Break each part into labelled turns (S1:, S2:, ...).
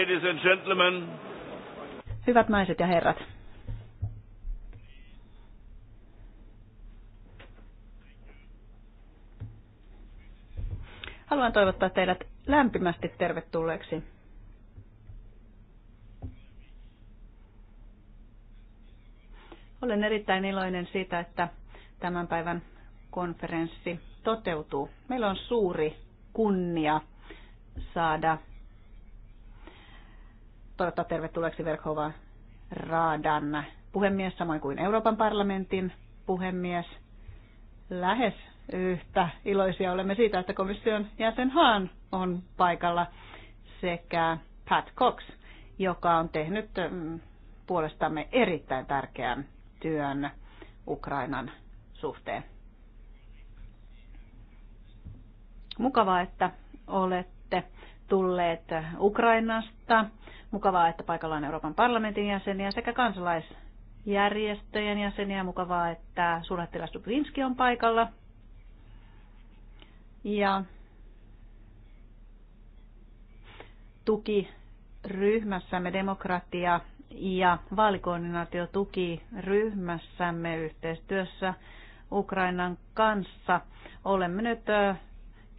S1: Ladies and gentlemen. Hyvät naiset ja herrat. Haluan toivottaa teidät lämpimästi tervetulleeksi Olen erittäin iloinen siitä, että tämän päivän konferenssi toteutuu. Meillä on suuri kunnia saada toivottaa tervetulleeksi Verkhova Raadan puhemies, samoin kuin Euroopan parlamentin puhemies. Lähes yhtä iloisia olemme siitä, että komission jäsen Haan on paikalla sekä Pat Cox, joka on tehnyt mm, puolestamme erittäin tärkeän työn Ukrainan suhteen. Mukavaa, että olette tulleet Ukrainasta Mukavaa, että paikalla on Euroopan parlamentin jäseniä sekä kansalaisjärjestöjen jäseniä. Mukavaa, että suurlähettiläs Dubrinski on paikalla. Ja tukiryhmässämme demokratia ja vaalikoordinaatiotukiryhmässämme yhteistyössä Ukrainan kanssa. Olemme nyt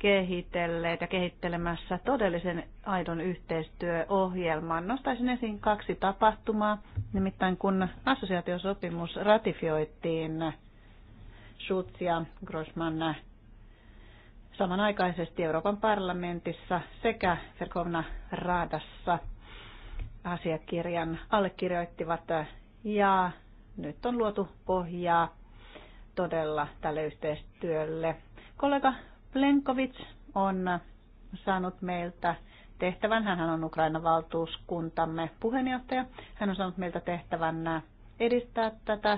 S1: kehitelleet ja kehittelemässä todellisen aidon yhteistyöohjelman. Nostaisin esiin kaksi tapahtumaa, nimittäin kun assosiaatiosopimus ratifioitiin Schutz ja Grossman samanaikaisesti Euroopan parlamentissa sekä Verkovna Raadassa asiakirjan allekirjoittivat ja nyt on luotu pohjaa todella tälle yhteistyölle. Kollega Plenkovic on saanut meiltä tehtävän. Hän on Ukrainan valtuuskuntamme puheenjohtaja. Hän on saanut meiltä tehtävän edistää tätä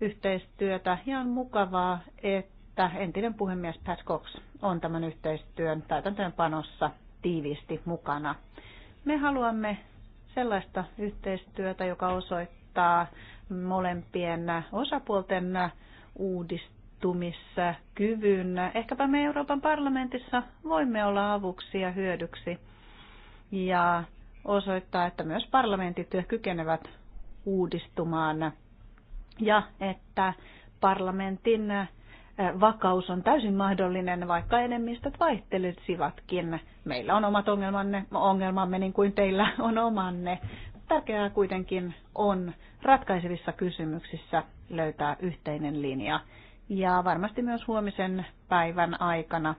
S1: yhteistyötä ja on mukavaa, että entinen puhemies Pat Cox on tämän yhteistyön täytäntöönpanossa tiiviisti mukana. Me haluamme sellaista yhteistyötä, joka osoittaa molempien osapuolten uudistusta liittymissä kyvyn. Ehkäpä me Euroopan parlamentissa voimme olla avuksi ja hyödyksi ja osoittaa, että myös parlamentit kykenevät uudistumaan ja että parlamentin eh, vakaus on täysin mahdollinen, vaikka enemmistöt vaihtelisivatkin. Meillä on omat ongelmanne, ongelmamme niin kuin teillä on omanne. Tärkeää kuitenkin on ratkaisevissa kysymyksissä löytää yhteinen linja ja varmasti myös huomisen päivän aikana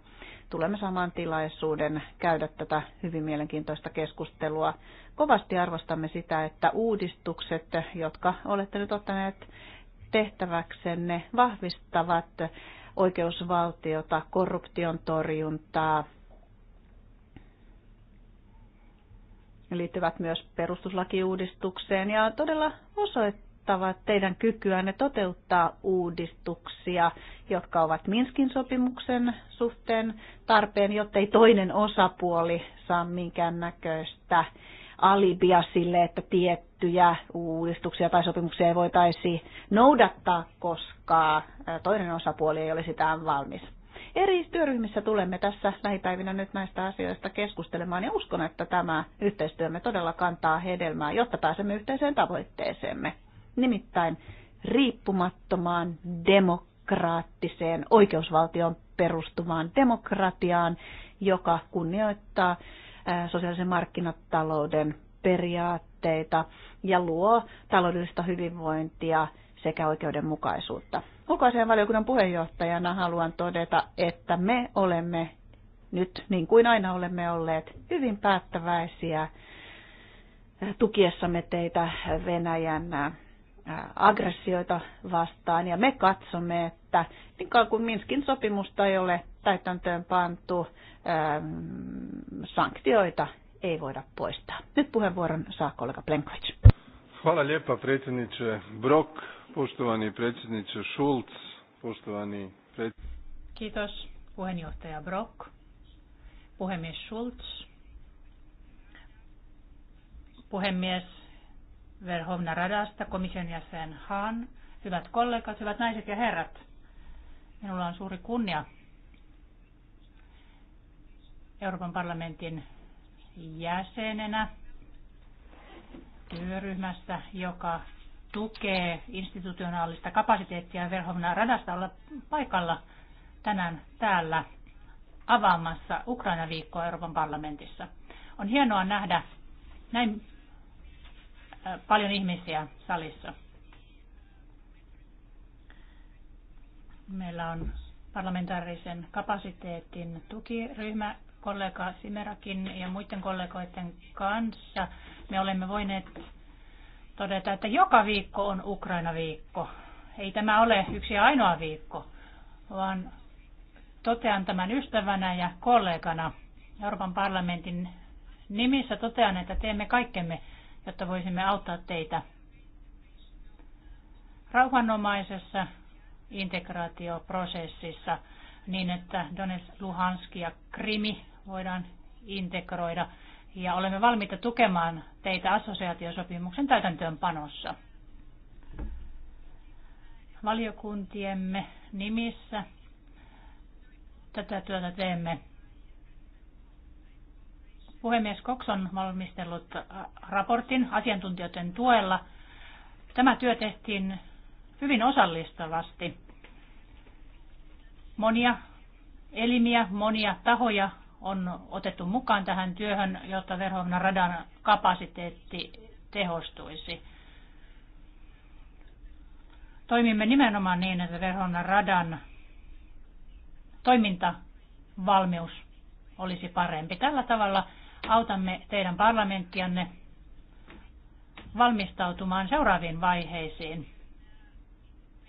S1: tulemme saamaan tilaisuuden käydä tätä hyvin mielenkiintoista keskustelua. Kovasti arvostamme sitä, että uudistukset, jotka olette nyt ottaneet tehtäväksenne, vahvistavat oikeusvaltiota, korruption torjuntaa, liittyvät myös perustuslakiuudistukseen ja todella osoittavat, korostavat teidän kykyänne toteuttaa uudistuksia, jotka ovat Minskin sopimuksen suhteen tarpeen, jotta ei toinen osapuoli saa minkäännäköistä alibia sille, että tiettyjä uudistuksia tai sopimuksia ei voitaisi noudattaa, koska toinen osapuoli ei ole sitä valmis. Eri työryhmissä tulemme tässä lähipäivinä nyt näistä asioista keskustelemaan ja uskon, että tämä yhteistyömme todella kantaa hedelmää, jotta pääsemme yhteiseen tavoitteeseemme nimittäin riippumattomaan demokraattiseen oikeusvaltioon perustuvaan demokratiaan, joka kunnioittaa sosiaalisen markkinatalouden periaatteita ja luo taloudellista hyvinvointia sekä oikeudenmukaisuutta. Ulkoasian valiokunnan puheenjohtajana haluan todeta, että me olemme nyt, niin kuin aina olemme olleet, hyvin päättäväisiä tukiessamme teitä Venäjän aggressioita vastaan. Ja me katsomme, että niin kauan kuin Minskin sopimusta ei ole täytäntöön pantu, sanktioita ei voida poistaa. Nyt puheenvuoron
S2: saa kollega Plenkovic. Hvala lijepa predsjedniče Brok, poštovani predsjedniče Schulz, poštovani predsjedniče... Kiitos puheenjohtaja Brok, puhemies Schulz, puhemies Verhovna Radasta, komission jäsen Han, hyvät kollegat, hyvät naiset ja herrat. Minulla on suuri kunnia Euroopan parlamentin jäsenenä työryhmästä, joka tukee institutionaalista kapasiteettia Verhovna Radasta olla paikalla tänään täällä avaamassa Ukraina-viikkoa Euroopan parlamentissa. On hienoa nähdä näin paljon ihmisiä salissa. Meillä on parlamentaarisen kapasiteetin tukiryhmä kollega Simerakin ja muiden kollegoiden kanssa. Me olemme voineet todeta, että joka viikko on Ukraina-viikko. Ei tämä ole yksi ainoa viikko, vaan totean tämän ystävänä ja kollegana Euroopan parlamentin nimissä totean, että teemme kaikkemme, jotta voisimme auttaa teitä rauhanomaisessa integraatioprosessissa niin, että Donetsk, Luhansk ja Krimi voidaan integroida. Ja olemme valmiita tukemaan teitä assosiaatiosopimuksen täytäntöönpanossa. Valiokuntiemme nimissä tätä työtä teemme Puhemies Koks on valmistellut äh, raportin asiantuntijoiden tuella. Tämä työ tehtiin hyvin osallistavasti. Monia elimiä, monia tahoja on otettu mukaan tähän työhön, jotta Verhovnan radan kapasiteetti tehostuisi. Toimimme nimenomaan niin, että Verhovnan radan toimintavalmius olisi parempi. Tällä tavalla autamme teidän parlamenttianne valmistautumaan seuraaviin vaiheisiin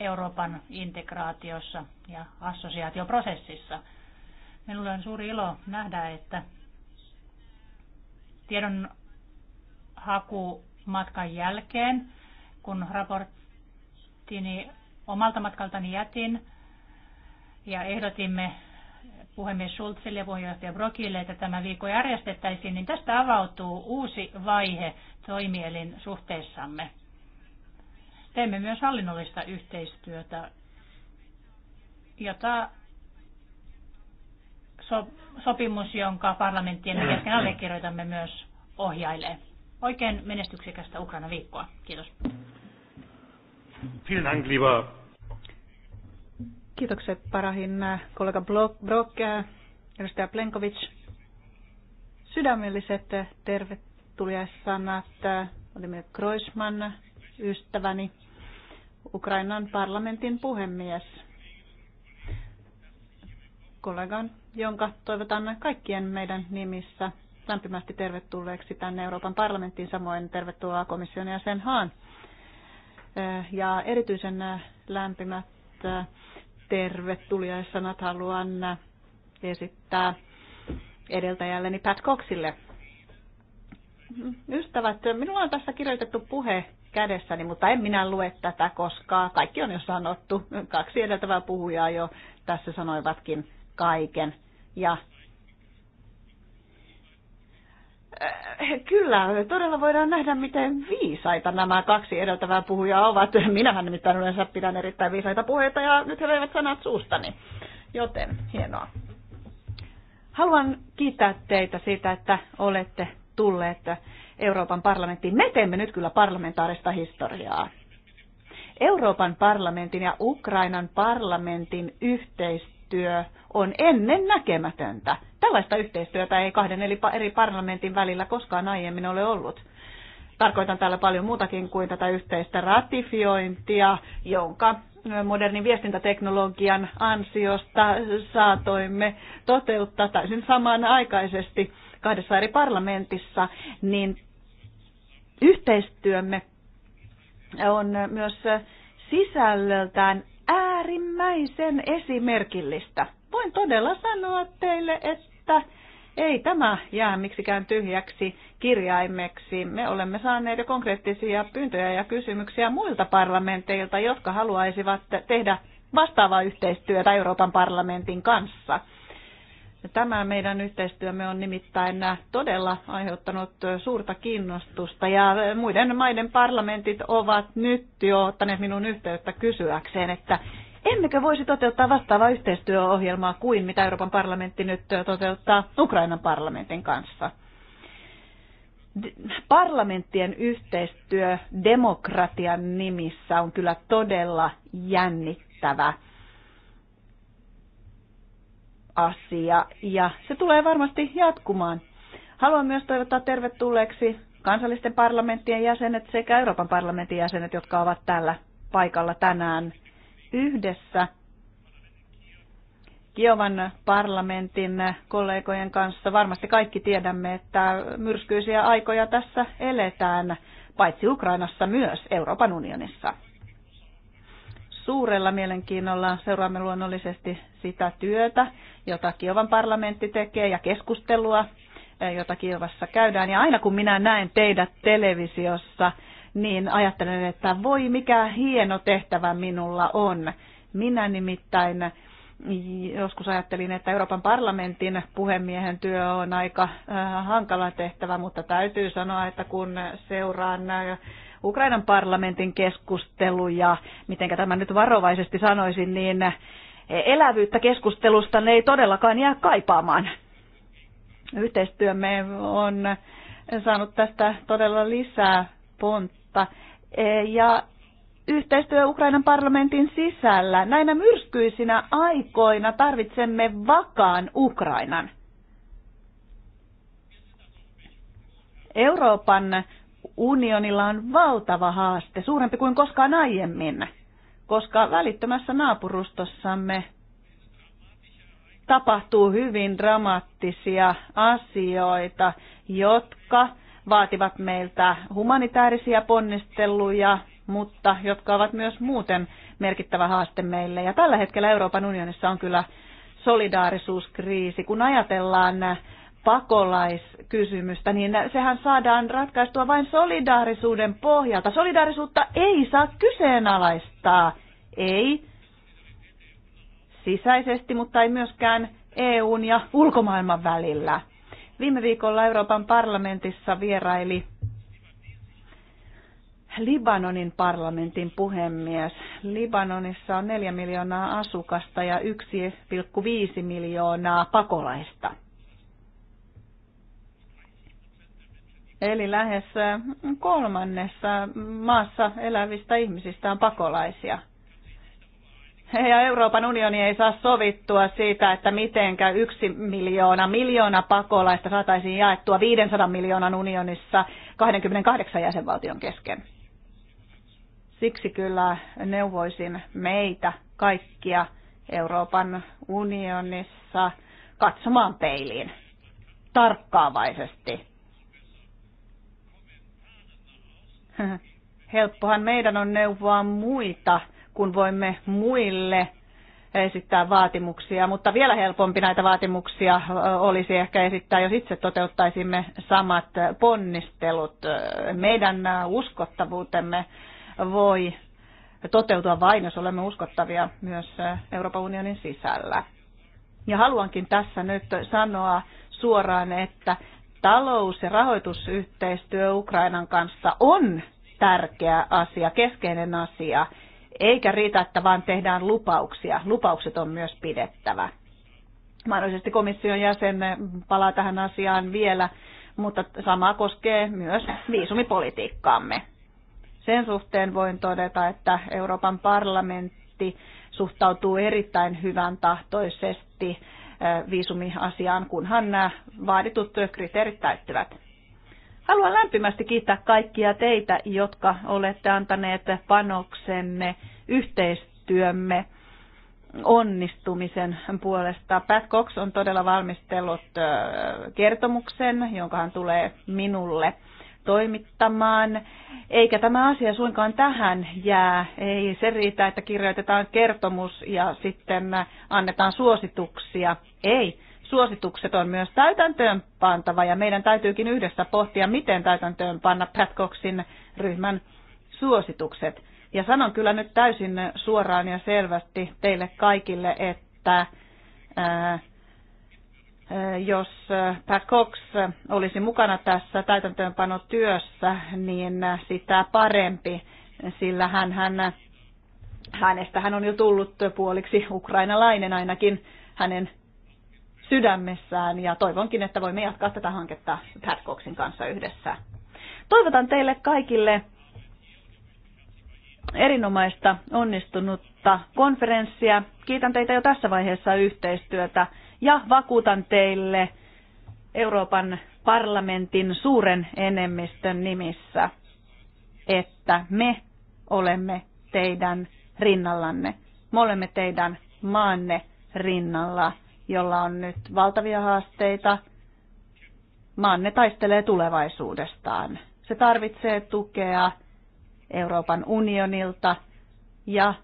S2: Euroopan integraatiossa ja assosiaatioprosessissa. Minulle on suuri ilo nähdä, että tiedon haku matkan jälkeen, kun raporttini omalta matkaltani jätin ja ehdotimme puhemies Schulzille ja puheenjohtaja Brokille, että tämä viikko järjestettäisiin, niin tästä avautuu uusi vaihe toimielin suhteessamme. Teemme myös hallinnollista yhteistyötä, jota sopimus, jonka parlamenttien kesken allekirjoitamme myös ohjailee. Oikein menestyksekästä Ukraina-viikkoa. Kiitos. Vielen Dank, lieber
S1: Kiitokset Parahin äh, kollega Brock, äh, edustaja Plenkovic. Sydämelliset äh, tervetuliaissanat. Olimme Kroisman ystäväni, Ukrainan parlamentin puhemies. Kollegan, jonka toivotan kaikkien meidän nimissä lämpimästi tervetulleeksi tänne Euroopan parlamenttiin, samoin tervetuloa komission sen Haan. Ja erityisen lämpimät tervetuliaissanat haluan esittää edeltäjälleni Pat Coxille. Ystävät, minulla on tässä kirjoitettu puhe kädessäni, mutta en minä lue tätä, koska kaikki on jo sanottu. Kaksi edeltävää puhujaa jo tässä sanoivatkin kaiken. Ja Äh, kyllä, todella voidaan nähdä, miten viisaita nämä kaksi edeltävää puhujaa ovat. Minähän nimittäin yleensä pidän erittäin viisaita puheita ja nyt he veivät sanat suustani. Joten, hienoa. Haluan kiittää teitä siitä, että olette tulleet Euroopan parlamenttiin. Me teemme nyt kyllä parlamentaarista historiaa. Euroopan parlamentin ja Ukrainan parlamentin yhteistyö on ennen näkemätöntä Tällaista yhteistyötä ei kahden eri parlamentin välillä koskaan aiemmin ole ollut. Tarkoitan täällä paljon muutakin kuin tätä yhteistä ratifiointia, jonka modernin viestintäteknologian ansiosta saatoimme toteuttaa täysin samanaikaisesti kahdessa eri parlamentissa, niin yhteistyömme on myös sisällöltään äärimmäisen esimerkillistä. Voin todella sanoa teille, että että ei tämä jää miksikään tyhjäksi kirjaimeksi. Me olemme saaneet jo konkreettisia pyyntöjä ja kysymyksiä muilta parlamenteilta, jotka haluaisivat tehdä vastaavaa yhteistyötä Euroopan parlamentin kanssa. Tämä meidän yhteistyömme on nimittäin todella aiheuttanut suurta kiinnostusta ja muiden maiden parlamentit ovat nyt jo ottaneet minun yhteyttä kysyäkseen, että Emmekö voisi toteuttaa vastaavaa yhteistyöohjelmaa kuin mitä Euroopan parlamentti nyt toteuttaa Ukrainan parlamentin kanssa? Parlamenttien yhteistyö demokratian nimissä on kyllä todella jännittävä asia ja se tulee varmasti jatkumaan. Haluan myös toivottaa tervetulleeksi kansallisten parlamenttien jäsenet sekä Euroopan parlamentin jäsenet, jotka ovat täällä paikalla tänään yhdessä Kiovan parlamentin kollegojen kanssa. Varmasti kaikki tiedämme, että myrskyisiä aikoja tässä eletään, paitsi Ukrainassa myös Euroopan unionissa. Suurella mielenkiinnolla seuraamme luonnollisesti sitä työtä, jota Kiovan parlamentti tekee ja keskustelua, jota Kiovassa käydään. Ja aina kun minä näen teidät televisiossa, niin ajattelen, että voi mikä hieno tehtävä minulla on. Minä nimittäin joskus ajattelin, että Euroopan parlamentin puhemiehen työ on aika äh, hankala tehtävä, mutta täytyy sanoa, että kun seuraan äh, Ukrainan parlamentin keskusteluja, miten tämä nyt varovaisesti sanoisin, niin elävyyttä keskustelusta ne ei todellakaan jää kaipaamaan. Yhteistyömme on saanut tästä todella lisää pontta kautta eh, ja yhteistyö Ukrainan parlamentin sisällä. Näinä myrskyisinä aikoina tarvitsemme vakaan Ukrainan. Euroopan unionilla on valtava haaste, suurempi kuin koskaan aiemmin, koska välittömässä naapurustossamme tapahtuu hyvin dramaattisia asioita, jotka vaativat meiltä humanitaarisia ponnisteluja, mutta jotka ovat myös muuten merkittävä haaste meille. Ja tällä hetkellä Euroopan unionissa on kyllä solidaarisuuskriisi. Kun ajatellaan pakolaiskysymystä, niin sehän saadaan ratkaistua vain solidaarisuuden pohjalta. Solidaarisuutta ei saa kyseenalaistaa, ei sisäisesti, mutta ei myöskään EUn ja ulkomaailman välillä. Viime viikolla Euroopan parlamentissa vieraili Libanonin parlamentin puhemies. Libanonissa on 4 miljoonaa asukasta ja 1,5 miljoonaa pakolaista. Eli lähes kolmannessa maassa elävistä ihmisistä on pakolaisia – ja Euroopan unioni ei saa sovittua siitä, että mitenkä yksi miljoona, miljoona pakolaista saataisiin jaettua 500 miljoonan unionissa 28 jäsenvaltion kesken. Siksi kyllä neuvoisin meitä kaikkia Euroopan unionissa katsomaan peiliin tarkkaavaisesti. Helppohan meidän on neuvoa muita kun voimme muille esittää vaatimuksia, mutta vielä helpompi näitä vaatimuksia olisi ehkä esittää, jos itse toteuttaisimme samat ponnistelut. Meidän uskottavuutemme voi toteutua vain, jos olemme uskottavia myös Euroopan unionin sisällä. Ja haluankin tässä nyt sanoa suoraan, että talous- ja rahoitusyhteistyö Ukrainan kanssa on tärkeä asia, keskeinen asia. Eikä riitä, että vaan tehdään lupauksia. Lupaukset on myös pidettävä. Mahdollisesti komission jäsen palaa tähän asiaan vielä, mutta sama koskee myös viisumipolitiikkaamme. Sen suhteen voin todeta, että Euroopan parlamentti suhtautuu erittäin hyvän tahtoisesti eh, viisumiasiaan, kunhan nämä vaaditut kriteerit täyttyvät. Haluan lämpimästi kiittää kaikkia teitä, jotka olette antaneet panoksenne yhteistyömme onnistumisen puolesta. Pat Cox on todella valmistellut kertomuksen, jonka hän tulee minulle toimittamaan. Eikä tämä asia suinkaan tähän jää. Ei se riitä, että kirjoitetaan kertomus ja sitten annetaan suosituksia. Ei, suositukset on myös täytäntöön pantava ja meidän täytyykin yhdessä pohtia, miten täytäntöön panna Pat Coxin ryhmän suositukset. Ja sanon kyllä nyt täysin suoraan ja selvästi teille kaikille, että ää, jos Pat Cox olisi mukana tässä täytäntöönpanotyössä, niin sitä parempi, sillä hän, hän, hänestä hän on jo tullut puoliksi ukrainalainen ainakin hänen sydämessään ja toivonkin, että voimme jatkaa tätä hanketta Padcocksin kanssa yhdessä. Toivotan teille kaikille erinomaista onnistunutta konferenssia. Kiitän teitä jo tässä vaiheessa yhteistyötä ja vakuutan teille Euroopan parlamentin suuren enemmistön nimissä, että me olemme teidän rinnallanne. Me olemme teidän maanne rinnalla jolla on nyt valtavia haasteita. Maanne taistelee tulevaisuudestaan. Se tarvitsee tukea Euroopan unionilta ja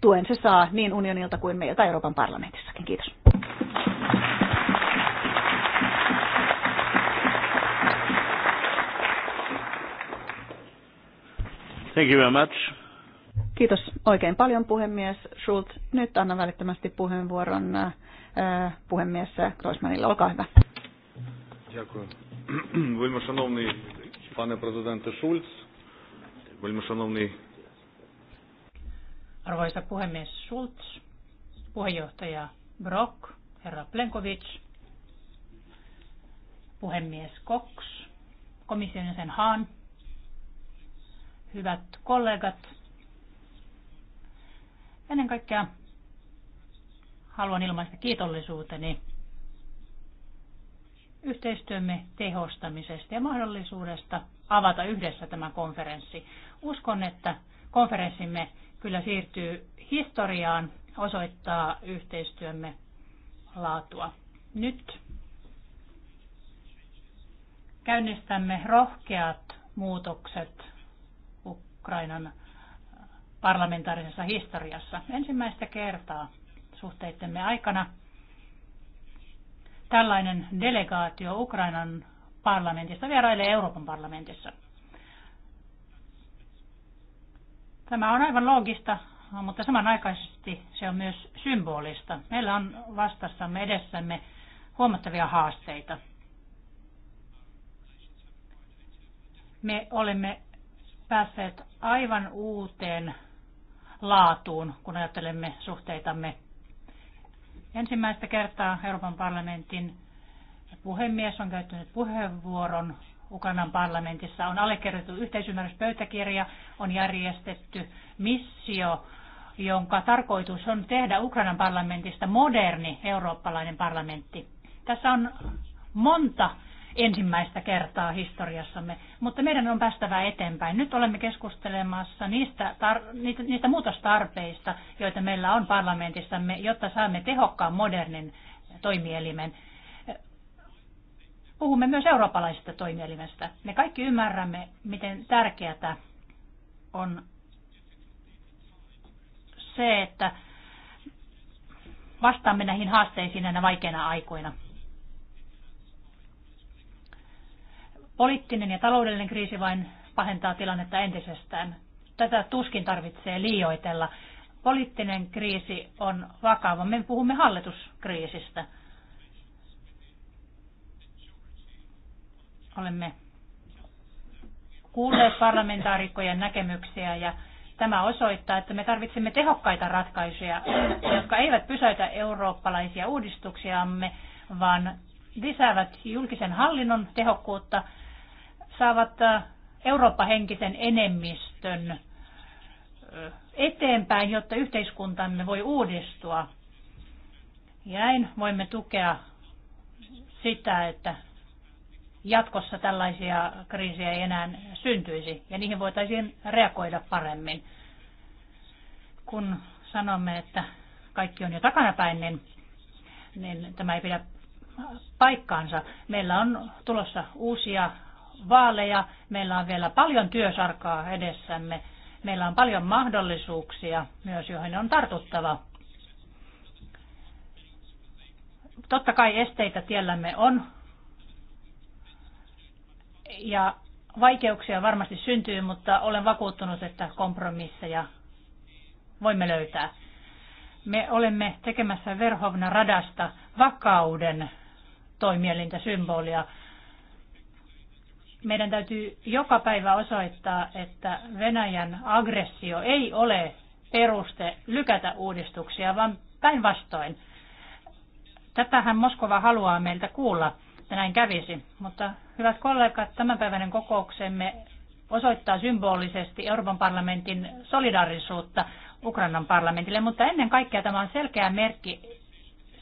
S1: tuen se saa niin unionilta kuin meiltä Euroopan parlamentissakin. Kiitos. Thank you very much. Kiitos oikein paljon puhemies Schultz. Nyt annan välittömästi puheenvuoron äh, Äh, puhemies Grossmanille. Olkaa hyvä.
S2: Arvoisa puhemies Schulz, puheenjohtaja Brock, herra Plenkovic, puhemies Cox, komission jäsen Hahn, hyvät kollegat, ennen kaikkea haluan ilmaista kiitollisuuteni yhteistyömme tehostamisesta ja mahdollisuudesta avata yhdessä tämä konferenssi. Uskon, että konferenssimme kyllä siirtyy historiaan, osoittaa yhteistyömme laatua. Nyt käynnistämme rohkeat muutokset Ukrainan parlamentaarisessa historiassa. Ensimmäistä kertaa suhteittemme aikana. Tällainen delegaatio Ukrainan parlamentista vierailee Euroopan parlamentissa. Tämä on aivan loogista, mutta samanaikaisesti se on myös symbolista. Meillä on vastassamme edessämme huomattavia haasteita. Me olemme päässeet aivan uuteen laatuun, kun ajattelemme suhteitamme Ensimmäistä kertaa Euroopan parlamentin puhemies on käyttänyt puheenvuoron Ukrainan parlamentissa. On allekirjoitettu yhteisymmärryspöytäkirja, on järjestetty missio, jonka tarkoitus on tehdä Ukrainan parlamentista moderni eurooppalainen parlamentti. Tässä on monta ensimmäistä kertaa historiassamme, mutta meidän on päästävä eteenpäin. Nyt olemme keskustelemassa niistä, tar- niitä, niistä muutostarpeista, joita meillä on parlamentissamme, jotta saamme tehokkaan modernin toimielimen. Puhumme myös eurooppalaisesta toimielimestä. Me kaikki ymmärrämme, miten tärkeää on se, että vastaamme näihin haasteisiin näinä vaikeina aikoina. Poliittinen ja taloudellinen kriisi vain pahentaa tilannetta entisestään. Tätä tuskin tarvitsee liioitella. Poliittinen kriisi on vakava. Me puhumme hallituskriisistä. Olemme kuulleet parlamentaarikkojen näkemyksiä ja tämä osoittaa, että me tarvitsemme tehokkaita ratkaisuja, jotka eivät pysäytä eurooppalaisia uudistuksiamme, vaan lisäävät julkisen hallinnon tehokkuutta – saavat äh, Eurooppa-henkisen enemmistön äh, eteenpäin, jotta yhteiskuntamme voi uudistua. Ja näin voimme tukea sitä, että jatkossa tällaisia kriisejä ei enää syntyisi ja niihin voitaisiin reagoida paremmin. Kun sanomme, että kaikki on jo takanapäin, niin, niin tämä ei pidä paikkaansa. Meillä on tulossa uusia vaaleja. Meillä on vielä paljon työsarkaa edessämme. Meillä on paljon mahdollisuuksia myös, joihin on tartuttava. Totta kai esteitä tiellämme on. Ja vaikeuksia varmasti syntyy, mutta olen vakuuttunut, että kompromisseja voimme löytää. Me olemme tekemässä Verhovna radasta vakauden toimielintä symbolia. Meidän täytyy joka päivä osoittaa, että Venäjän aggressio ei ole peruste lykätä uudistuksia, vaan päinvastoin. Tätähän Moskova haluaa meiltä kuulla, että näin kävisi. Mutta hyvät kollegat, tämänpäiväinen kokouksemme osoittaa symbolisesti Euroopan parlamentin solidaarisuutta Ukrainan parlamentille, mutta ennen kaikkea tämä on selkeä merkki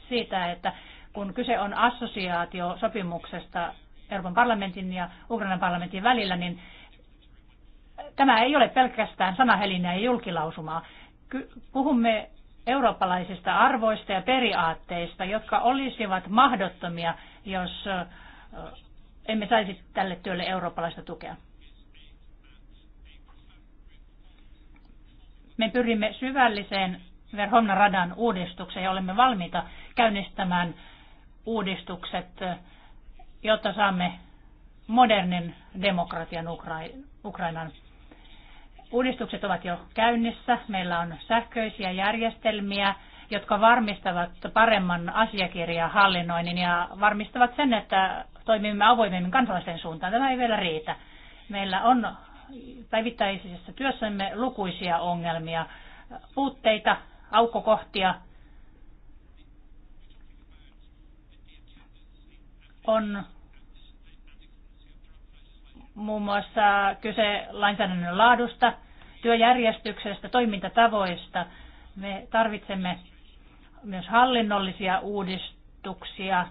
S2: siitä, että kun kyse on assosiaatiosopimuksesta Euroopan parlamentin ja Ukrainan parlamentin välillä, niin tämä ei ole pelkästään sanahelinä ja julkilausumaa. Puhumme eurooppalaisista arvoista ja periaatteista, jotka olisivat mahdottomia, jos emme saisi tälle työlle eurooppalaista tukea. Me pyrimme syvälliseen Verhomna radan uudistukseen ja olemme valmiita käynnistämään uudistukset jotta saamme modernin demokratian Ukra- Ukrainan. Uudistukset ovat jo käynnissä. Meillä on sähköisiä järjestelmiä, jotka varmistavat paremman asiakirjahallinnoinnin ja varmistavat sen, että toimimme avoimemmin kansalaisten suuntaan. Tämä ei vielä riitä. Meillä on päivittäisessä työssämme lukuisia ongelmia, puutteita, aukkokohtia – on muun muassa kyse lainsäädännön laadusta, työjärjestyksestä, toimintatavoista. Me tarvitsemme myös hallinnollisia uudistuksia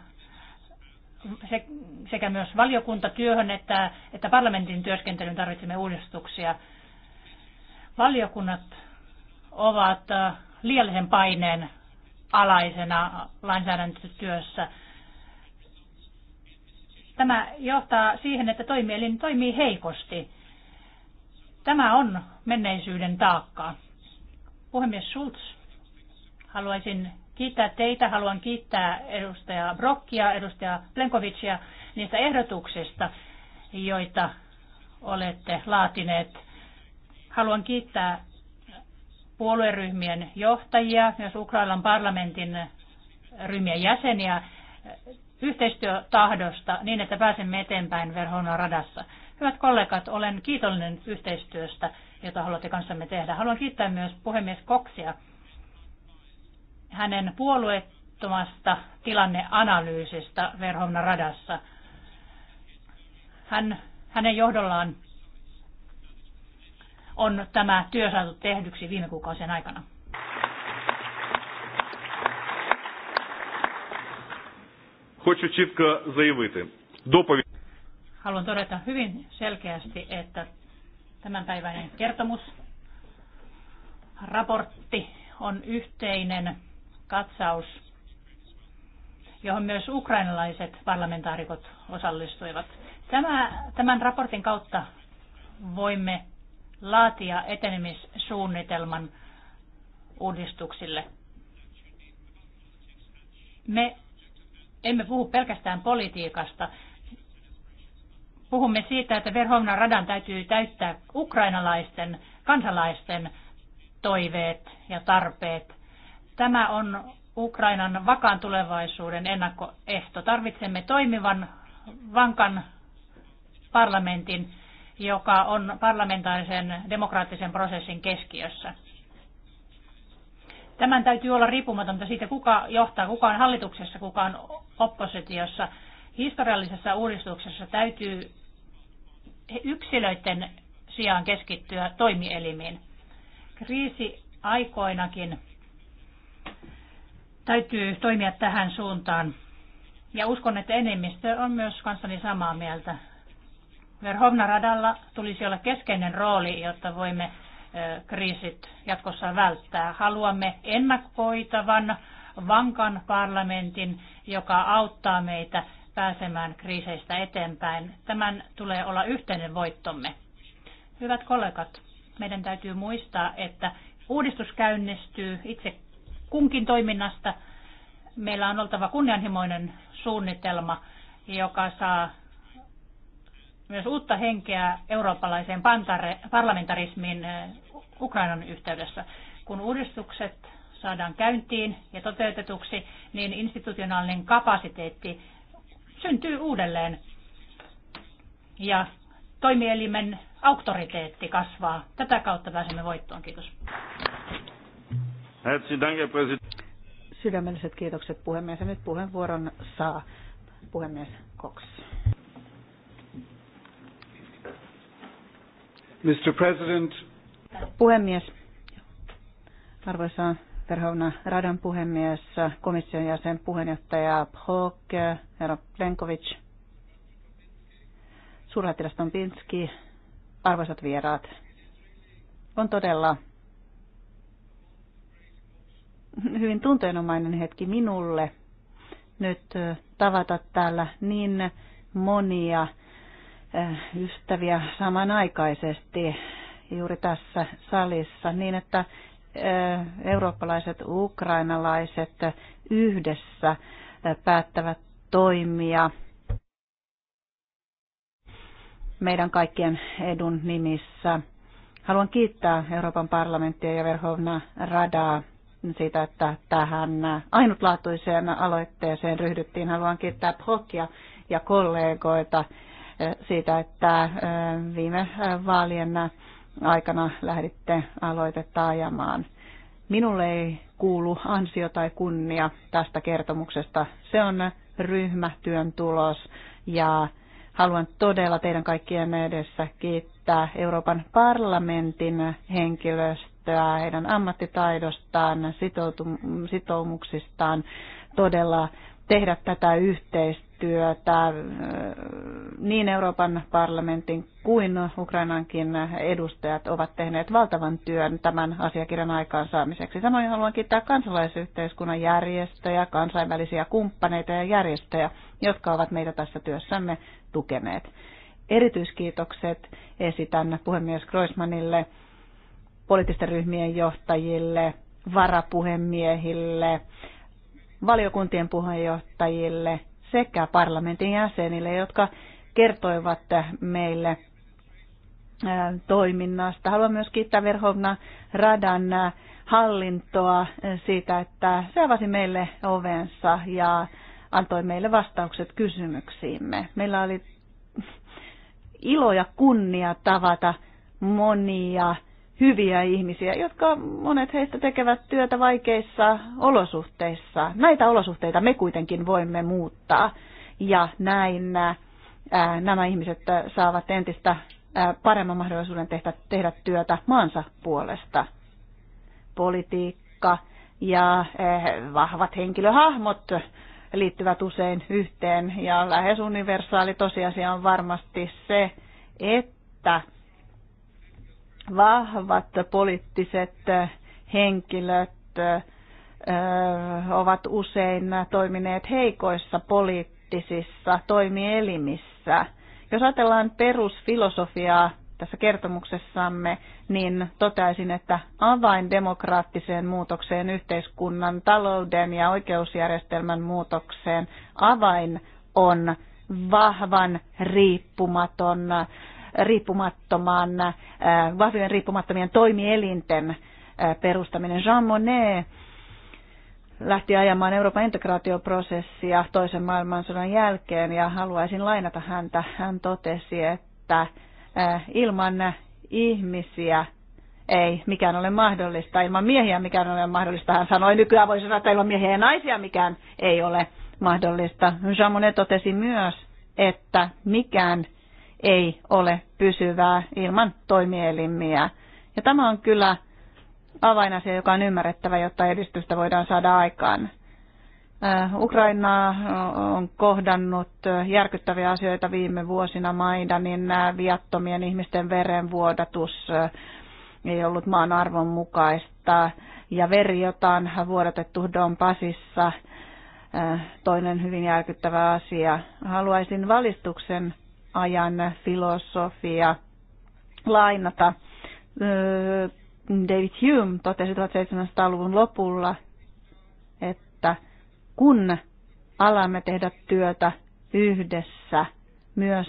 S2: sekä myös valiokuntatyöhön että, että parlamentin työskentelyyn tarvitsemme uudistuksia. Valiokunnat ovat äh, liiallisen paineen alaisena lainsäädäntötyössä – Tämä johtaa siihen, että toimielin toimii heikosti. Tämä on menneisyyden taakkaa. Puhemies Schulz, haluaisin kiittää teitä, haluan kiittää edustaja Brokkia, edustaja Plenkovicia niistä ehdotuksista, joita olette laatineet. Haluan kiittää puolueryhmien johtajia, myös Ukrainan parlamentin ryhmien jäseniä yhteistyötahdosta niin, että pääsemme eteenpäin verhona radassa. Hyvät kollegat, olen kiitollinen yhteistyöstä, jota haluatte kanssamme tehdä. Haluan kiittää myös puhemies Koksia hänen puolueettomasta tilanneanalyysistä Verhovna radassa. Hän, hänen johdollaan on tämä työ saatu tehdyksi viime kuukausien aikana. хочу чітко заявити. Доповідь. Haluan todeta hyvin selkeästi, että tämänpäiväinen kertomus, raportti on yhteinen katsaus, johon myös ukrainalaiset parlamentaarikot osallistuivat. Tämä, tämän raportin kautta voimme laatia etenemissuunnitelman uudistuksille. Me emme puhu pelkästään politiikasta. Puhumme siitä, että Verhovnan radan täytyy täyttää ukrainalaisten kansalaisten toiveet ja tarpeet. Tämä on Ukrainan vakaan tulevaisuuden ennakkoehto. Tarvitsemme toimivan, vankan parlamentin, joka on parlamentaarisen demokraattisen prosessin keskiössä. Tämän täytyy olla riippumatonta siitä, kuka johtaa, kuka on hallituksessa, kuka on oppositiossa. Historiallisessa uudistuksessa täytyy yksilöiden sijaan keskittyä toimielimiin. Kriisi aikoinakin täytyy toimia tähän suuntaan. Ja uskon, että enemmistö on myös kanssani samaa mieltä. Verhovna radalla tulisi olla keskeinen rooli, jotta voimme kriisit jatkossa välttää. Haluamme ennakoitavan, vankan parlamentin, joka auttaa meitä pääsemään kriiseistä eteenpäin. Tämän tulee olla yhteinen voittomme. Hyvät kollegat, meidän täytyy muistaa, että uudistus käynnistyy itse kunkin toiminnasta. Meillä on oltava kunnianhimoinen suunnitelma, joka saa myös uutta henkeä eurooppalaiseen parlamentarismiin Ukrainan yhteydessä. Kun uudistukset saadaan käyntiin ja toteutetuksi, niin institutionaalinen kapasiteetti syntyy uudelleen ja toimielimen auktoriteetti kasvaa. Tätä kautta pääsemme voittoon. Kiitos.
S1: Sydämelliset kiitokset puhemies. Ja nyt puheenvuoron saa puhemies Cox. Mr. President. Puhemies. Arvoisa Verhovna Radan puhemies, komission jäsen puheenjohtaja Hawk, herra Plenkovic, suurlähettiläs Pinski, arvoisat vieraat. On todella hyvin tunteenomainen hetki minulle nyt tavata täällä niin monia Äh, ystäviä samanaikaisesti juuri tässä salissa niin, että äh, eurooppalaiset, ukrainalaiset yhdessä äh, päättävät toimia meidän kaikkien edun nimissä. Haluan kiittää Euroopan parlamenttia ja Verhovna Radaa siitä, että tähän ainutlaatuiseen aloitteeseen ryhdyttiin. Haluan kiittää Prokia ja kollegoita siitä, että viime vaalien aikana lähditte aloitetta ajamaan. Minulle ei kuulu ansio tai kunnia tästä kertomuksesta. Se on ryhmätyön tulos ja haluan todella teidän kaikkien edessä kiittää Euroopan parlamentin henkilöstöä, heidän ammattitaidostaan, sitoumuksistaan. Todella tehdä tätä yhteistyötä äh, niin Euroopan parlamentin kuin Ukrainankin edustajat ovat tehneet valtavan työn tämän asiakirjan aikaansaamiseksi. Samoin haluan kiittää kansalaisyhteiskunnan järjestöjä, kansainvälisiä kumppaneita ja järjestöjä, jotka ovat meitä tässä työssämme tukeneet. Erityiskiitokset esitän puhemies Kroismanille, poliittisten ryhmien johtajille, varapuhemiehille, valiokuntien puheenjohtajille sekä parlamentin jäsenille, jotka kertoivat meille toiminnasta. Haluan myös kiittää Verhovna Radan hallintoa siitä, että se avasi meille ovensa ja antoi meille vastaukset kysymyksiimme. Meillä oli ilo ja kunnia tavata monia hyviä ihmisiä, jotka monet heistä tekevät työtä vaikeissa olosuhteissa. Näitä olosuhteita me kuitenkin voimme muuttaa ja näin nämä ihmiset saavat entistä paremman mahdollisuuden tehdä, tehdä työtä maansa puolesta. Politiikka ja vahvat henkilöhahmot liittyvät usein yhteen ja lähes universaali tosiasia on varmasti se, että vahvat poliittiset henkilöt ovat usein toimineet heikoissa poliittisissa toimielimissä. Jos ajatellaan perusfilosofiaa tässä kertomuksessamme, niin toteaisin, että avain demokraattiseen muutokseen, yhteiskunnan, talouden ja oikeusjärjestelmän muutokseen avain on vahvan, riippumaton riippumattoman, äh, vahvojen riippumattomien toimielinten äh, perustaminen. Jean Monnet lähti ajamaan Euroopan integraatioprosessia toisen maailmansodan jälkeen ja haluaisin lainata häntä. Hän totesi, että äh, ilman ihmisiä ei mikään ole mahdollista, ilman miehiä mikään ei ole mahdollista. Hän sanoi, nykyään voisi sanoa, että ilman miehiä ja naisia mikään ei ole mahdollista. Jean Monnet totesi myös, että mikään ei ole pysyvää ilman toimielimiä. Ja tämä on kyllä avainasia, joka on ymmärrettävä, jotta edistystä voidaan saada aikaan. Äh, Ukraina äh, on kohdannut äh, järkyttäviä asioita viime vuosina Maidanin viattomien ihmisten verenvuodatus ei ollut maan arvon mukaista ja veri, jota on vuodatettu Donbassissa, toinen hyvin järkyttävä asia. Haluaisin valistuksen ajan filosofia lainata. David Hume totesi 1700-luvun lopulla, että kun alamme tehdä työtä yhdessä, myös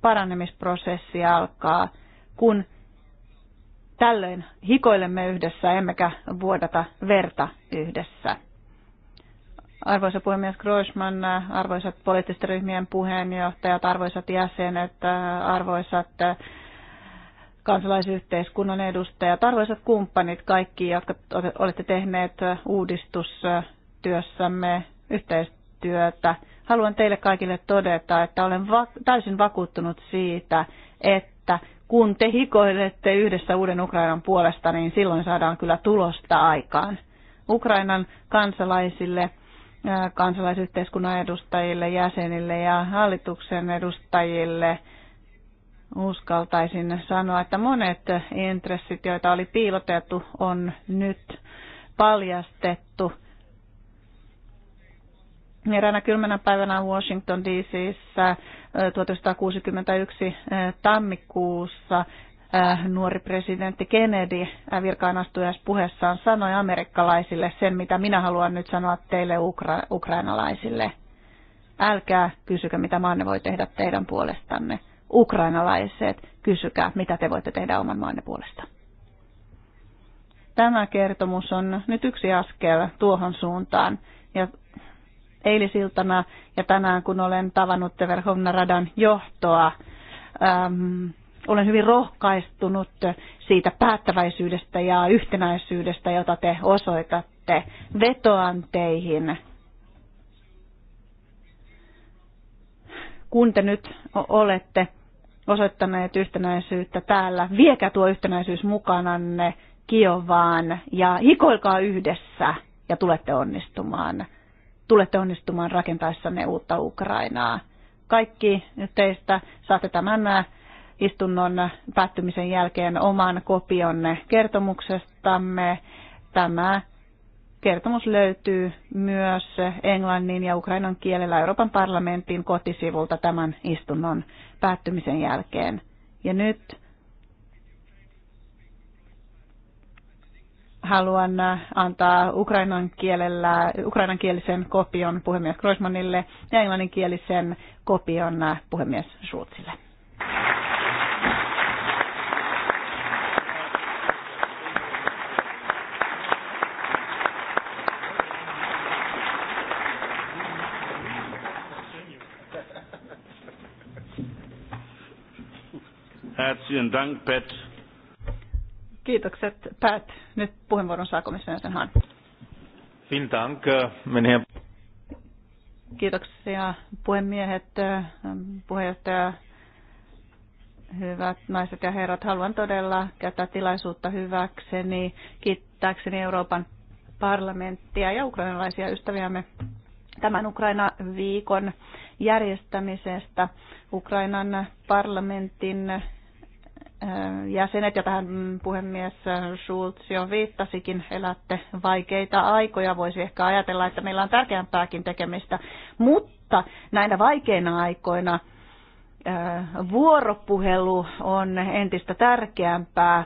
S1: parannemisprosessi alkaa, kun tällöin hikoilemme yhdessä emmekä vuodata verta yhdessä. Arvoisa puhemies Groisman, arvoisat poliittisten ryhmien puheenjohtajat, arvoisat jäsenet, arvoisat kansalaisyhteiskunnan edustajat, arvoisat kumppanit, kaikki, jotka olette tehneet uudistustyössämme yhteistyötä. Haluan teille kaikille todeta, että olen va- täysin vakuuttunut siitä, että kun te hikoilette yhdessä uuden Ukrainan puolesta, niin silloin saadaan kyllä tulosta aikaan. Ukrainan kansalaisille – kansalaisyhteiskunnan edustajille, jäsenille ja hallituksen edustajille uskaltaisin sanoa, että monet intressit, joita oli piilotettu, on nyt paljastettu. Eräänä kylmänä päivänä Washington DCissä 1961 tammikuussa Äh, nuori presidentti Kennedy äh, virkaan puheessaan sanoi amerikkalaisille sen, mitä minä haluan nyt sanoa teille ukra- ukrainalaisille. Älkää kysykö, mitä maanne voi tehdä teidän puolestanne. Ukrainalaiset, kysykää, mitä te voitte tehdä oman maanne puolesta. Tämä kertomus on nyt yksi askel tuohon suuntaan. Ja eilisiltana ja tänään, kun olen tavannut Verhovna Radan johtoa, olen hyvin rohkaistunut siitä päättäväisyydestä ja yhtenäisyydestä, jota te osoitatte vetoanteihin. Kun te nyt olette osoittaneet yhtenäisyyttä täällä, viekää tuo yhtenäisyys mukananne Kiovaan ja hikoilkaa yhdessä ja tulette onnistumaan. Tulette onnistumaan rakentaessanne uutta Ukrainaa. Kaikki teistä saatte tämän äh, istunnon päättymisen jälkeen oman kopionne kertomuksestamme. Tämä kertomus löytyy myös englannin ja ukrainan kielellä Euroopan parlamentin kotisivulta tämän istunnon päättymisen jälkeen. Ja nyt haluan antaa ukrainan kielellä, kielisen kopion puhemies Kroismanille ja englanninkielisen kopion puhemies Schulzille. Vielen Dank, Pat. Kiitokset, Pat. Nyt puheenvuoron saa komissio Vielen Dank, äh, meine Kiitoksia puhemiehet, äh, puheenjohtaja, hyvät naiset ja herrat. Haluan todella käyttää tilaisuutta hyväkseni, kiittääkseni Euroopan parlamenttia ja ukrainalaisia ystäviämme tämän Ukraina-viikon järjestämisestä. Ukrainan parlamentin jäsenet, ja tähän puhemies Schulz jo viittasikin, elätte vaikeita aikoja. Voisi ehkä ajatella, että meillä on tärkeämpääkin tekemistä, mutta näinä vaikeina aikoina vuoropuhelu on entistä tärkeämpää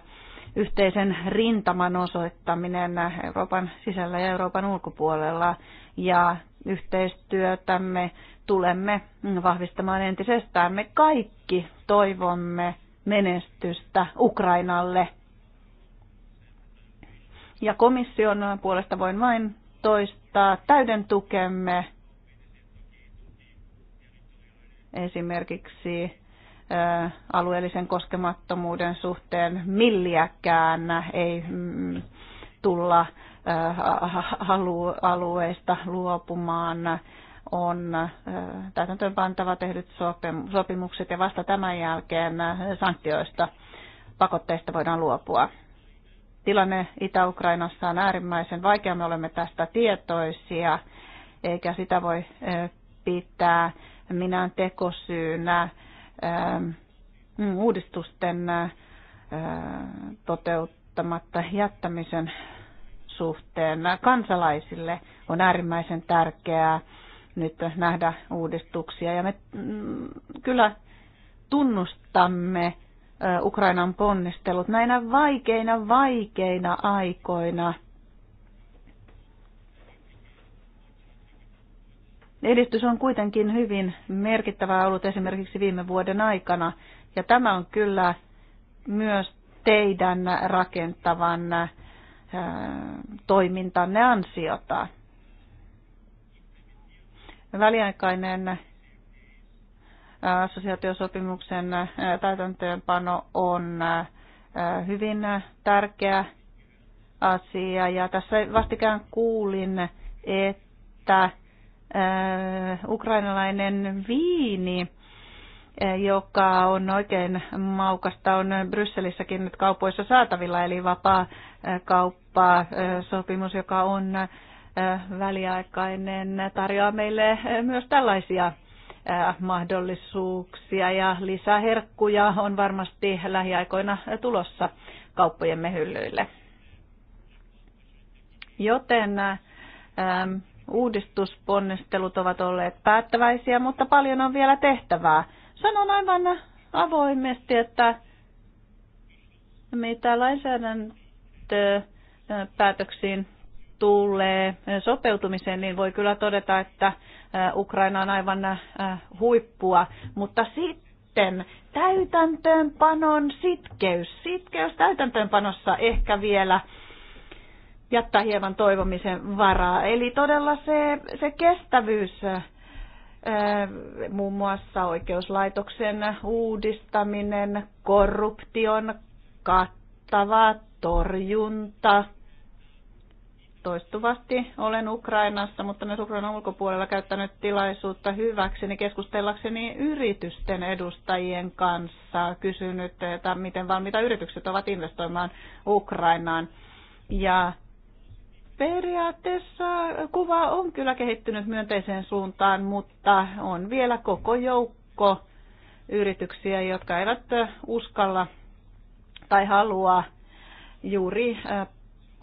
S1: yhteisen rintaman osoittaminen Euroopan sisällä ja Euroopan ulkopuolella ja yhteistyötämme tulemme vahvistamaan entisestään. Me kaikki toivomme menestystä Ukrainalle. Ja komission puolesta voin vain toistaa täyden tukemme esimerkiksi alueellisen koskemattomuuden suhteen milliäkään ei mm, tulla alueesta luopumaan on täytäntöönpantava tehdyt sopimukset ja vasta tämän jälkeen sanktioista pakotteista voidaan luopua. Tilanne Itä-Ukrainassa on äärimmäisen vaikea, me olemme tästä tietoisia, eikä sitä voi pitää minään tekosyynä uudistusten toteuttamatta jättämisen suhteen. Kansalaisille on äärimmäisen tärkeää nyt nähdä uudistuksia. Ja me mm, kyllä tunnustamme Ukrainan ponnistelut näinä vaikeina, vaikeina aikoina. Edistys on kuitenkin hyvin merkittävää ollut esimerkiksi viime vuoden aikana, ja tämä on kyllä myös teidän rakentavan toimintanne ansiota väliaikainen äh, assosiaatiosopimuksen äh, täytäntöönpano on äh, hyvin tärkeä asia. Ja tässä vastikään kuulin, että ukrainalainen viini, joka on oikein maukasta, on Brysselissäkin nyt kaupoissa saatavilla, eli vapaa kauppaa sopimus, joka on väliaikainen tarjoaa meille myös tällaisia mahdollisuuksia ja lisäherkkuja on varmasti lähiaikoina tulossa kauppojemme hyllyille. Joten ähm, uudistusponnistelut ovat olleet päättäväisiä, mutta paljon on vielä tehtävää. Sanon aivan avoimesti, että
S2: mitä lainsäädäntöpäätöksiin
S1: päätöksiin tulee sopeutumiseen, niin voi kyllä todeta, että Ukraina on aivan huippua. Mutta sitten täytäntöönpanon sitkeys. Sitkeys täytäntöönpanossa ehkä vielä jättää hieman toivomisen varaa. Eli todella se, se kestävyys, muun muassa oikeuslaitoksen uudistaminen, korruption kattava torjunta – toistuvasti olen Ukrainassa, mutta myös Ukrainan ulkopuolella käyttänyt tilaisuutta hyväkseni niin keskustellakseni yritysten edustajien kanssa, kysynyt, että miten valmiita yritykset ovat investoimaan Ukrainaan. Ja periaatteessa kuva on kyllä kehittynyt myönteiseen suuntaan, mutta on vielä koko joukko yrityksiä, jotka eivät uskalla tai halua juuri äh,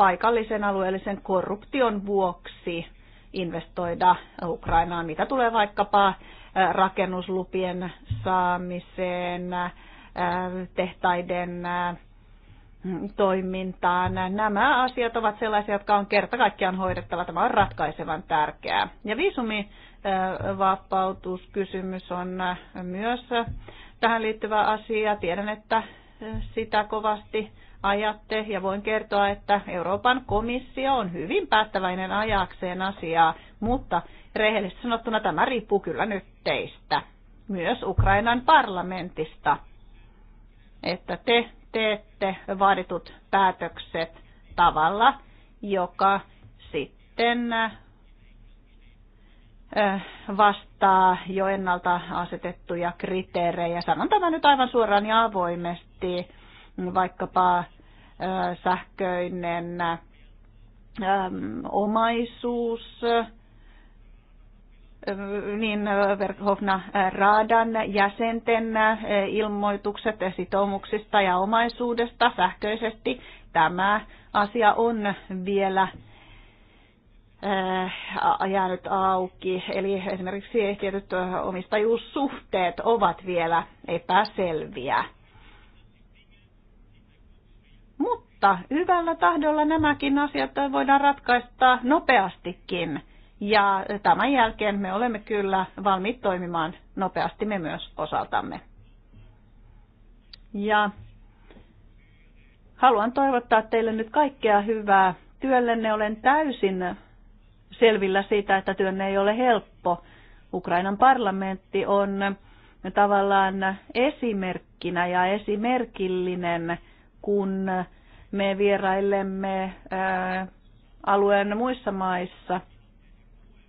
S1: paikallisen alueellisen korruption vuoksi investoida Ukrainaan, mitä tulee vaikkapa rakennuslupien saamiseen, tehtaiden toimintaan. Nämä asiat ovat sellaisia, jotka on kerta kaikkiaan hoidettava. Tämä on ratkaisevan tärkeää. Ja viisumivapautuskysymys on myös tähän liittyvä asia. Tiedän, että sitä kovasti ajatte ja voin kertoa, että Euroopan komissio on hyvin päättäväinen ajakseen asiaa, mutta rehellisesti sanottuna tämä riippuu kyllä nyt teistä, myös Ukrainan parlamentista, että te teette vaaditut päätökset tavalla, joka sitten äh, vastaa jo ennalta asetettuja kriteerejä. Sanon tämä nyt aivan suoraan ja avoimesti, vaikkapa sähköinen omaisuus, niin Verkhofna Raadan jäsenten ilmoitukset sitoumuksista ja omaisuudesta sähköisesti. Tämä asia on vielä jäänyt auki. Eli esimerkiksi tietyt omistajuussuhteet ovat vielä epäselviä. Mutta hyvällä tahdolla nämäkin asiat voidaan ratkaista nopeastikin. Ja tämän jälkeen me olemme kyllä valmiit toimimaan nopeasti me myös osaltamme. Ja haluan toivottaa teille nyt kaikkea hyvää työllenne. Olen täysin selvillä siitä, että työnne ei ole helppo. Ukrainan parlamentti on tavallaan esimerkkinä ja esimerkillinen kun me vierailemme alueen muissa maissa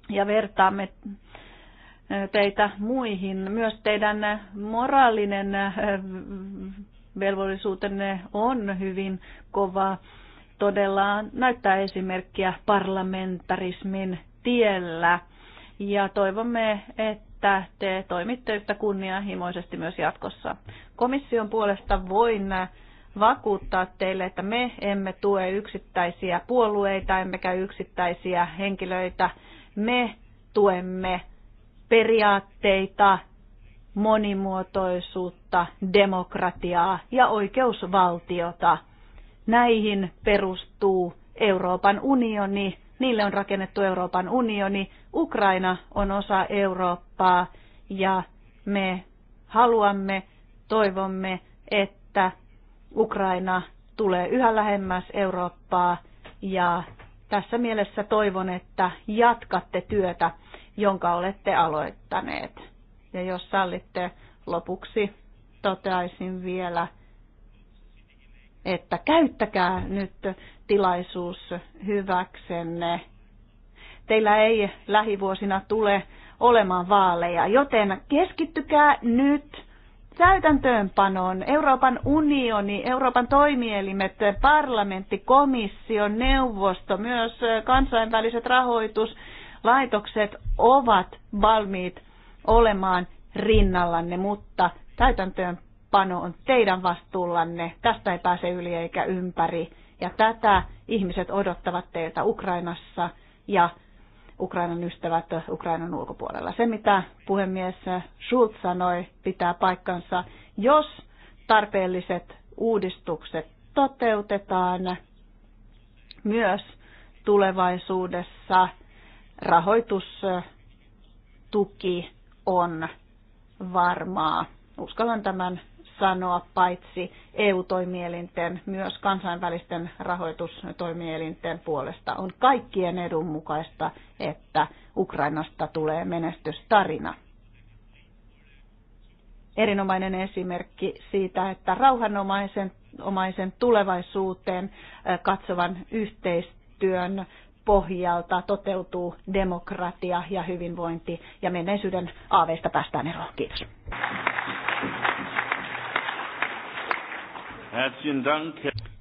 S1: ja vertaamme teitä muihin. Myös teidän moraalinen velvollisuutenne on hyvin kova. Todella näyttää esimerkkiä parlamentarismin tiellä. Ja toivomme, että te toimitte yhtä kunnianhimoisesti myös jatkossa. Komission puolesta voin vakuuttaa teille, että me emme tue yksittäisiä puolueita emmekä yksittäisiä henkilöitä. Me tuemme periaatteita, monimuotoisuutta, demokratiaa ja oikeusvaltiota. Näihin perustuu Euroopan unioni, niille on rakennettu Euroopan unioni, Ukraina on osa Eurooppaa ja me haluamme, toivomme, että Ukraina tulee yhä lähemmäs Eurooppaa ja tässä mielessä toivon, että jatkatte työtä, jonka olette aloittaneet. Ja jos sallitte lopuksi, toteaisin vielä, että käyttäkää nyt tilaisuus hyväksenne. Teillä ei lähivuosina tule olemaan vaaleja, joten keskittykää nyt täytäntöönpanoon. Euroopan unioni, Euroopan toimielimet, parlamentti, komissio, neuvosto, myös kansainväliset rahoituslaitokset ovat valmiit olemaan rinnallanne, mutta täytäntöönpano on teidän vastuullanne. Tästä ei pääse yli eikä ympäri. Ja tätä ihmiset odottavat teiltä Ukrainassa ja Ukrainan ystävät Ukrainan ulkopuolella. Se, mitä puhemies Schulz sanoi, pitää paikkansa. Jos tarpeelliset uudistukset toteutetaan myös tulevaisuudessa, rahoitustuki on varmaa. Uskallan tämän sanoa paitsi EU-toimielinten, myös kansainvälisten rahoitustoimielinten puolesta. On kaikkien edun mukaista, että Ukrainasta tulee menestystarina. Erinomainen esimerkki siitä, että rauhanomaisen omaisen tulevaisuuteen katsovan yhteistyön pohjalta toteutuu demokratia ja hyvinvointi ja menneisyyden aaveista päästään eroon. Kiitos.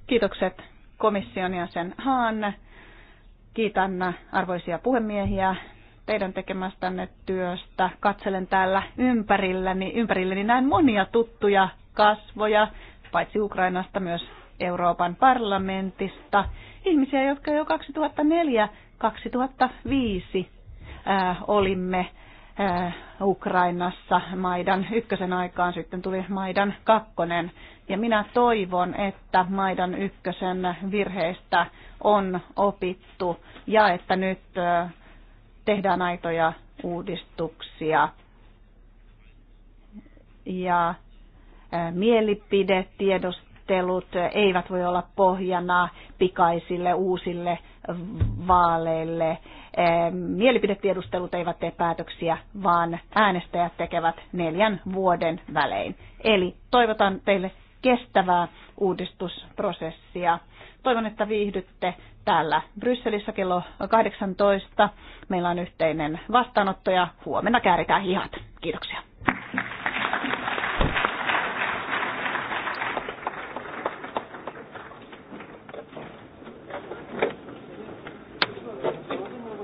S1: Kiitokset komission ja sen Haan. Kiitän arvoisia puhemiehiä teidän tekemästänne työstä. Katselen täällä ympärilläni, ympärilläni näin monia tuttuja kasvoja, paitsi Ukrainasta myös Euroopan parlamentista. Ihmisiä, jotka jo 2004-2005 äh, olimme äh, Ukrainassa Maidan ykkösen aikaan, sitten tuli Maidan kakkonen. Ja minä toivon, että Maidan ykkösen virheistä on opittu ja että nyt tehdään aitoja uudistuksia. Ja mielipidetiedostelut eivät voi olla pohjana pikaisille uusille vaaleille. Mielipidetiedustelut eivät tee päätöksiä, vaan äänestäjät tekevät neljän vuoden välein. Eli toivotan teille kestävää uudistusprosessia. Toivon, että viihdytte täällä Brysselissä kello 18. Meillä on yhteinen vastaanotto ja huomenna kääritään hihat. Kiitoksia.